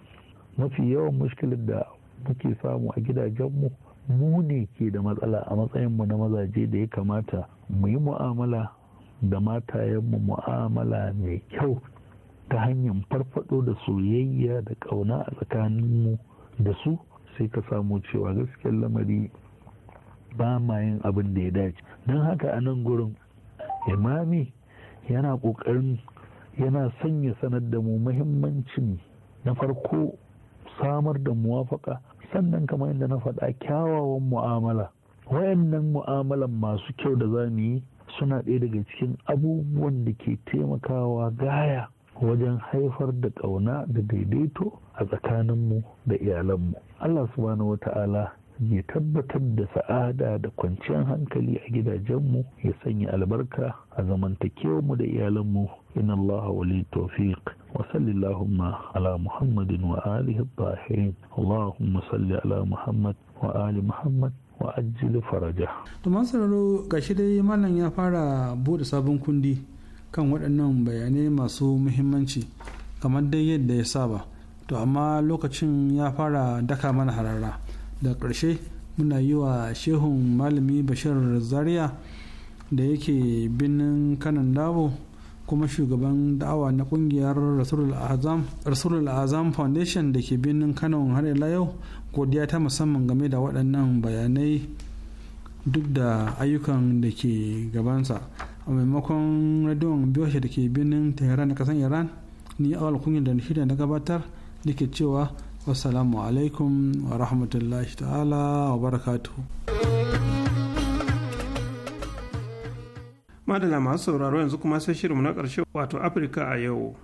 mafi yawan mushkilin da muke samu a gidajenmu mu ne ke da matsala a matsayinmu na mazaje da ya kamata mu yi mu'amala da matayenmu mu'amala mai kyau ta hanyar farfado da soyayya da ƙauna a tsakaninmu da su sai ka samu cewa gaskiyar lamari ba ma yin abin da ya dace don haka a nan gurin imami yana ƙoƙarin yana sanya sanar da mu muhimmancin na farko samar da muwafaka sannan kamar yadda na faɗa kyawawan mu'amala wayannan mu'amalan masu kyau da za mu yi suna ɗaya daga cikin abubuwan da ke taimakawa gaya wajen haifar da ƙauna da daidaito a tsakaninmu da iyalanmu Allah subhanahu ta'ala ya tabbatar da sa'ada da kwanciyar hankali a gidajenmu ya sanya albarka a zamantakewarmu da iyalanmu inna Allah wali tofiq wa Allahumma ala muhammadin wa alihi tahirin Allahumma salli ala muhammad wa ali muhammad wa faraja to gashi dai mallan ya fara bude sabon kundi kan waɗannan bayanai masu muhimmanci kamar dai yadda ya saba to amma lokacin ya fara daka mana harara da ƙarshe muna yi wa shehun malami bashir zaria da yake binin kanan dabo kuma shugaban da'awa na kungiyar rasulul azam foundation da ke binin kano har ila yau godiya ta musamman game da waɗannan bayanai duk da ayyukan da ke gabansa a maimakon radiyon biyoshi da ke birnin tehran na kasan iran ni awal kunyar da shirya na gabatar da ke cewa wasalamu alaikum wa rahmatullahi ta'ala wa barakatu madala masu sauraro yanzu kuma sai shirinmu na ƙarshe wato afirka a yau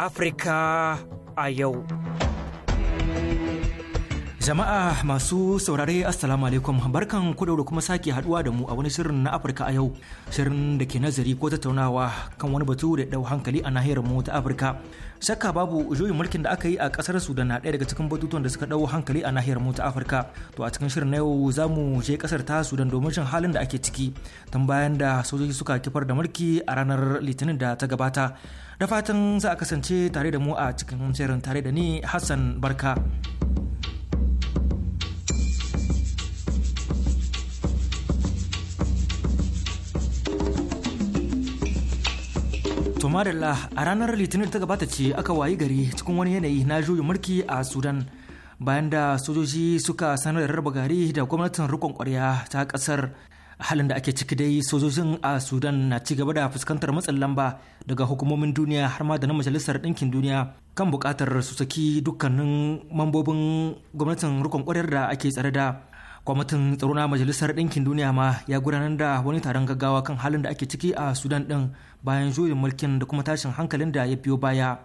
Afirka a yau. Jama'a masu saurare Assalamu alaikum barkan ku da kuma sake haduwa da mu a wani shirin na Afirka a yau shirin da ke nazari ko tattaunawa kan wani batu da dau hankali a nahiyar mu ta Afirka shakka babu juyin mulkin da aka yi a kasar Sudan na daya daga cikin batutuwan da suka dau hankali a nahiyar mu ta Afirka to a cikin shirin na yau za mu je kasar ta Sudan domin jin halin da ake ciki tun bayan da sojoji suka kifar da mulki a ranar Litinin da ta gabata da fatan za a kasance tare da mu a cikin shirin tare da ni Hassan Barka. To a ranar litinin da ta gabata ce aka wayi gari cikin wani yanayi na juyin mulki a Sudan bayan da sojoji suka sanar da raba gari da gwamnatin rikon kwarya ta kasar a halin da ake ciki dai sojojin a sudan na ci gaba da fuskantar matsin lamba daga hukumomin duniya har ma da na majalisar ɗinkin duniya kan buƙatar su saki dukkanin mambobin gwamnatin rukun kwarar da ake tsare da kwamitin tsaro na majalisar ɗinkin duniya ma ya gudanar da wani taron gaggawa kan halin da ake ciki a sudan ɗin bayan juyin mulkin da kuma tashin hankalin da ya biyo baya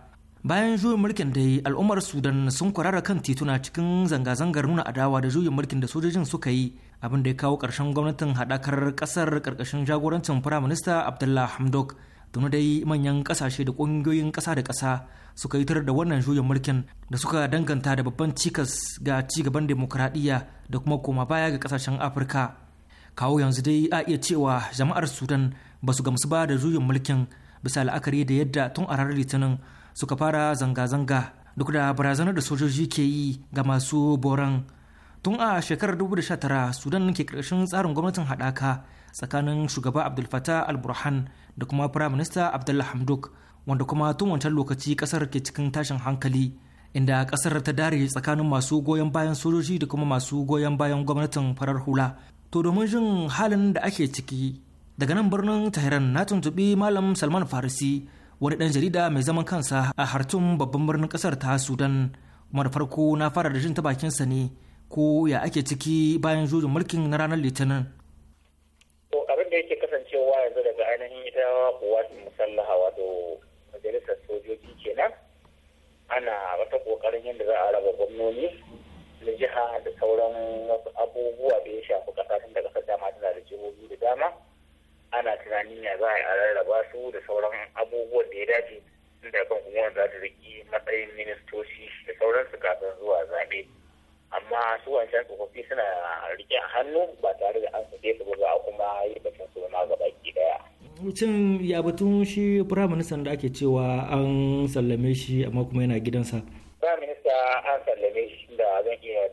bayan juyin mulkin dai al'ummar sudan sun kwarara kan tituna cikin zanga-zangar nuna adawa da juyin mulkin da sojojin suka yi abin da ya kawo ƙarshen gwamnatin haɗakar ƙasar ƙarƙashin jagorancin firaminista abdullah hamdok tuni dai manyan ƙasashe da ƙungiyoyin ƙasa da ƙasa suka yi tar da wannan juyin mulkin da suka danganta da babban cikas ga ci gaban demokuraɗiyya da kuma koma baya ga ƙasashen afirka kawo yanzu dai a iya cewa jama'ar sudan ba su gamsu ba da juyin mulkin bisa la'akari da yadda tun a ranar litinin suka fara zanga-zanga duk da barazanar da sojoji ke yi ga masu boran tun a shekarar 2019 sudan ke ƙarshen tsarin gwamnatin haɗaka tsakanin shugaba abdul fatah al-burhan da kuma firaminista abdullah hamdok wanda kuma tun wancan lokaci ƙasar ke cikin tashin hankali inda ƙasar ta dare tsakanin masu goyon bayan sojoji da kuma masu goyon bayan gwamnatin farar hula to domin jin halin da ake ciki daga nan birnin tahiran na tuntuɓi malam salman farisi wani ɗan jarida mai zaman kansa a hartun babban birnin ƙasar ta sudan kuma da farko na fara da jin ta bakinsa ne ko ya ake ciki bayan jurin mulkin na ranar litinin to abin da yake kasancewa yanzu daga ainihin ita kuwatin musallaha wato majalisar sojoji kenan ana wata kokarin yadda za a raba gwamnoni na jiha da sauran wasu abubuwa da ya shafi kasashen da kasar dama tana da jihohi da dama ana tunanin ya za a rarraba su da sauran abubuwan da ya dace tun da kan kuma za ta riki matsayin ministoci da sauransu kafin zuwa zaɓe. amma su wancan tsofaffi suna rike a hannu ba tare da an sake su ba kuma yi batun su ma ga baki daya cin ya batun shi firaministan da ake cewa an sallame shi amma kuma yana gidansa firaminista an sallame shi da zan iya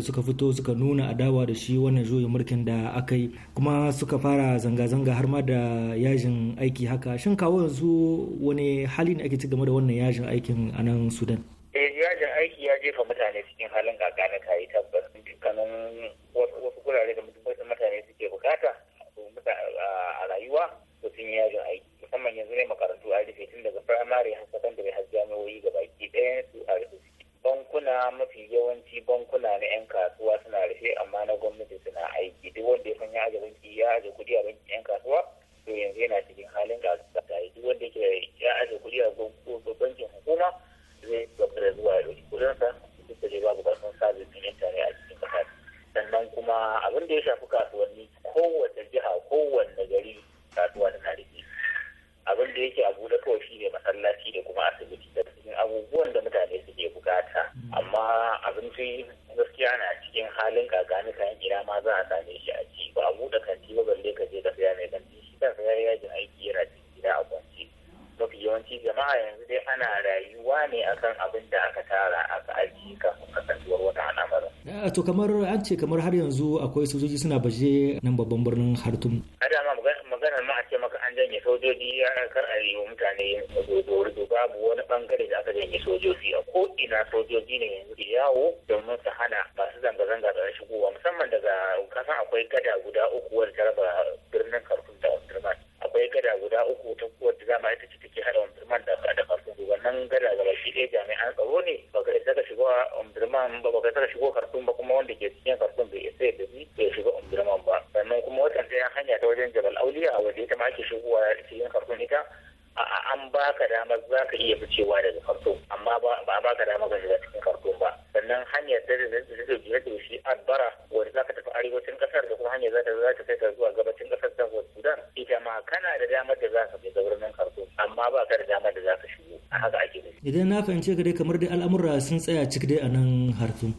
da suka fito suka nuna adawa da shi wannan juyin mulkin da aka yi kuma suka fara zanga-zanga har ma da yajin aiki haka shin kawo yanzu wani hali ne ake ci game da wannan yajin aikin a nan sudan Kowa ne akan abin da aka tara aka aji kafin kasantuwar wata al'amarin. Eh, to kamar an ce kamar har yanzu akwai sojoji suna baje nan babban birnin hartum. a dama maganar ma a ce maka an janye sojoji ya kar a yi mutane yin babu wani bangare da aka janye sojoji a ko ina sojoji ne yanzu yawo domin su hana hakan ce gare kamar dai al'amura sun tsaya cik dai a nan hartum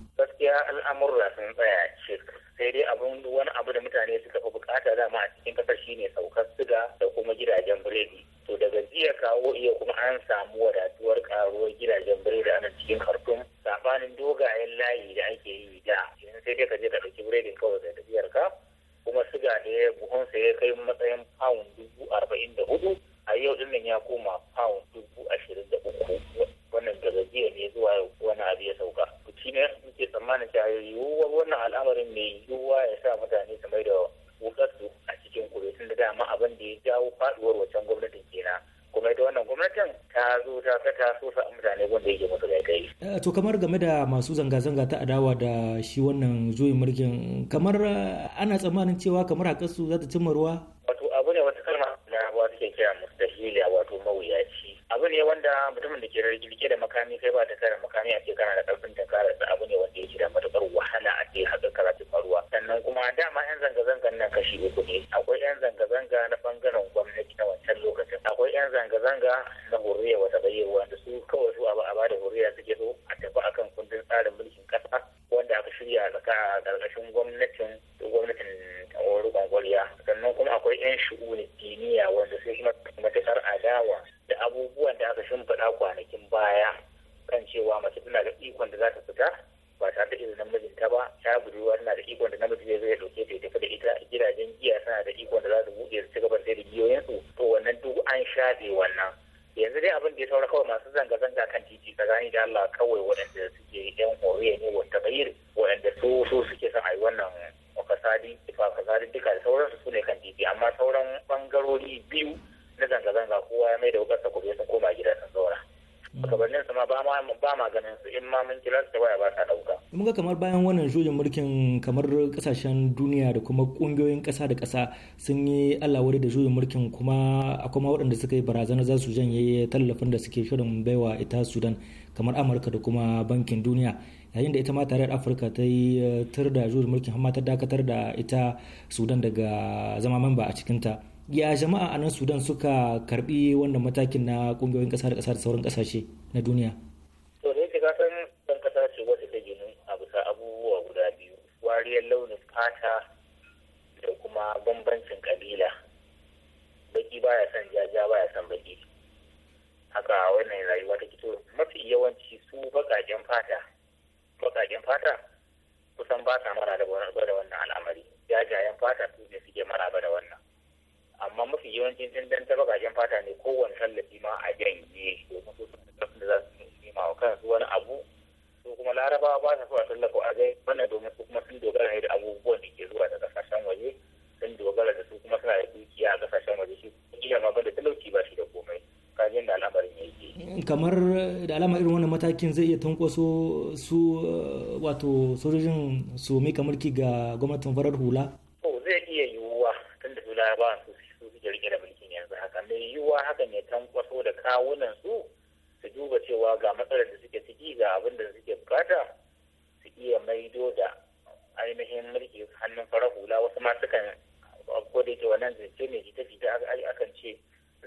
kamar game da masu zanga-zanga ta adawa da shi wannan juyin mulkin kamar eh, ana tsammanin cewa kamar a kasu za ta cimma ruwa wato abu ne wata kalma na abuwa suke kira mustahila wato mawuyaci abu ne wanda mutumin da ke rike da makami kai ba ta kare makami a ce kana da karfin da kare sa abu ne wanda yake da matukar wahala a ce haka karatu ruwa sannan kuma dama yan zanga-zangan nan kashi uku ne akwai yan zanga-zanga na bangaren gwamnati na wancan lokacin akwai yan zanga-zanga na huriya wata bayyana wanda su kawai su a bada da ka ƙarƙashin gwamnatin kasashen duniya da kuma kungiyoyin kasa da kasa sun yi al'awari da juyin mulkin kuma akwai waɗanda suka yi barazana za su janye tallafin da suke shirin baiwa ita sudan kamar amurka da kuma bankin duniya yayin da ita ma tarayyar afirka ta yi eh, tur da juyin mulkin amma ta dakatar da ita sudan daga zama mamba a cikinta ya jama'a a nan sudan suka karbi wannan matakin na kungiyoyin kasa da kasa da sauran kasashe na duniya wariyar launin fata da kuma bambancin kabila baki baya son jaja baya son baki haka wannan rayuwa ta kito mafi yawanci su bakaken fata bakaken fata kusan ba sa mara da wannan al'amari jajayen fata su ne suke ba da wannan amma mafi yawancin dan ta bakaken fata ne kowane tallafi ma a janye domin su da za su nema wa kansu wani abu su kuma larabawa ba su fara tallafa a wannan domin su kuma sun dogara ne da abubuwan da ke zuwa daga kasashen waje sun dogara da su kuma suna da dukiya a kasashen waje shi kila ma ba da talauci ba shi da komai kajin da al'amarin yake kamar da alama irin wannan matakin zai iya tankwaso su eh, wato sojojin su mika mulki ga gwamnatin farar hula to zai iya yiwuwa tun da su larabawa su suke rike da mulkin yanzu haka mai yiwuwa hakan ya tankwaso da kawunan su duba cewa ga matsalar da suke ciki ga abin da suke bukata su iya maido da ainihin mulki hannun fara hula wasu ma sukan ko da yake wannan zance ne jita jita akan ce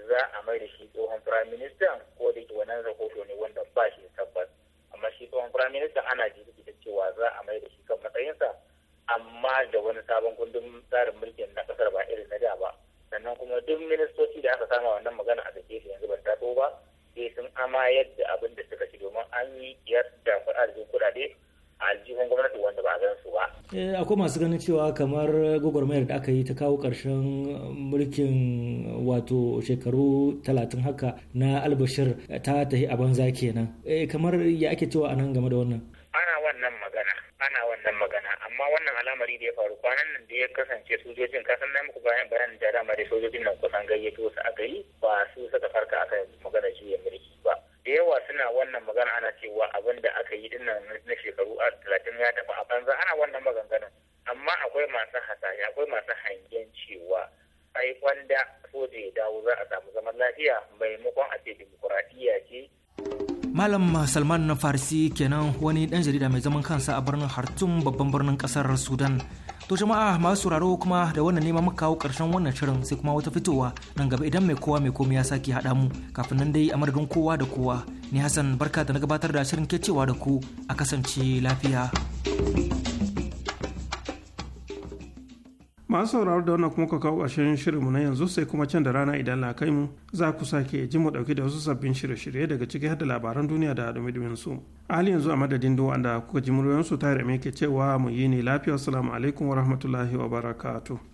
za a mai da shi tsohon firayim minista ko da yake wannan rahoto ne wanda ba shi tabbas amma shi tsohon firayim minista ana jita jita cewa za a mai da shi kan matsayinsa amma da wani sabon kundin tsarin mulkin na kasar ba irin na da ba sannan kuma duk ministoci da aka sama wannan magana a da yanzu ban taso ba sai eh, sun amayar da abin da suka ci domin an yi yadda arzikin kudade a aljihun gwamnati wanda ba a gan su ba. Eh, akwai masu ganin cewa kamar gwagwarmayar da aka yi ta kawo ƙarshen mulkin wato shekaru talatin haka na albashir ta tafi a banza kenan eh, kamar ya ake cewa a nan game da wannan. ana wannan magana amma wannan alamari da ya faru kwanan nan da ya kasance sojojin kasan na muku bayan bayan da dama dai sojojin nan kusan gayyato su a gari ba su suka farka akan magana juya mulki ba da yawa suna wannan magana ana cewa abin da aka yi dinnan na shekaru a talatin ya tafi a banza ana wannan maganganun amma akwai masu hasashe akwai masu hangen cewa ai wanda soja ya dawo za a samu zaman lafiya maimakon a ce dimokuraɗiyya ce. Malam Salman na Farisi kenan wani ɗan jarida mai zaman kansa a birnin Hartum babban birnin kasar Sudan. To jama'a masu sauraro kuma da wannan nema muka kawo ƙarshen wannan shirin sai kuma wata fitowa nan gaba idan mai kowa mai komi ya sake haɗa mu kafin nan dai a madadin kowa da kowa. Ni Hassan barka da na gabatar da shirin ke cewa da ku a kasance lafiya. masu sauraro da wannan kuma ka kawo ƙarshen shirinmu na yanzu sai kuma can da rana idan la kai mu za ku sake ji mu ɗauki da wasu sabbin shirye-shirye daga ciki har da labaran duniya da dumi su a hali yanzu a madadin duwa da kuka ji muryoyinsu ta rame ke cewa mu yi ne lafiya assalamu alaikum wa rahmatullahi wa barakatu.